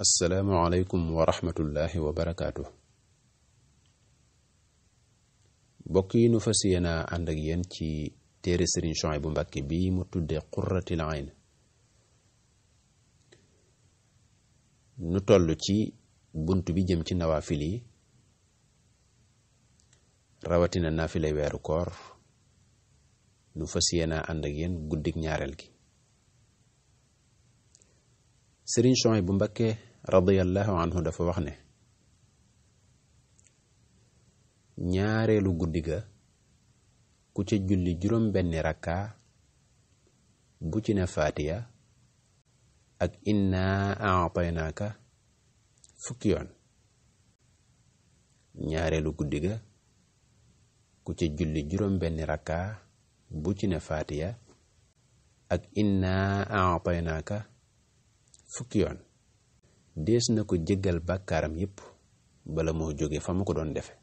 asalaamualeykum wa rahmatullahi wa bokk yi nu fas yéena ànd ak ci téere sëriñ Suhaybu Mbàkke bi mu tuddee Qurratul Ayn nu toll ci bunt bi jëm ci nawaafil yi rawatina naafilay weeru koor nu fas yéena ànd ak yéen guddik ñaareel gi sëriñ Suhaybu Mbàkke radiyallahu anhu dafa wax ne ñaareelu guddi ga ku ca julli juróom benni rakka bu ci ne faatiya ak inna aataynaaka fukki yoon ñaareelu guddi ga ku ca julli juróom benni rakka bu ci ne faatiya ak inna aataynaaka fukki yoon des na ko jéggal bakaram yep bala mo joge famako don ko defe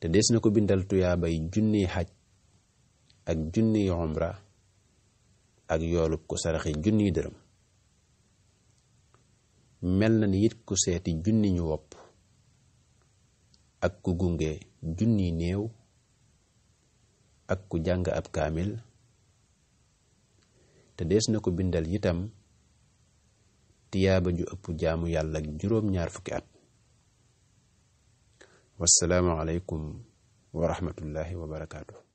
te des na ko bindal bay junni haj ak junni umra, ak yoolub ko saraxi junni dërëm mel na ni yit ko seti junni ñu wop ak ku gungé junni néew ak ku jang ab kamil te des na ko bindal yitam tiyaaba ju ëpp jaamu yàlla ak juróom-ñaar fukki at wassalaamu aleykum wa rahmatullahi wa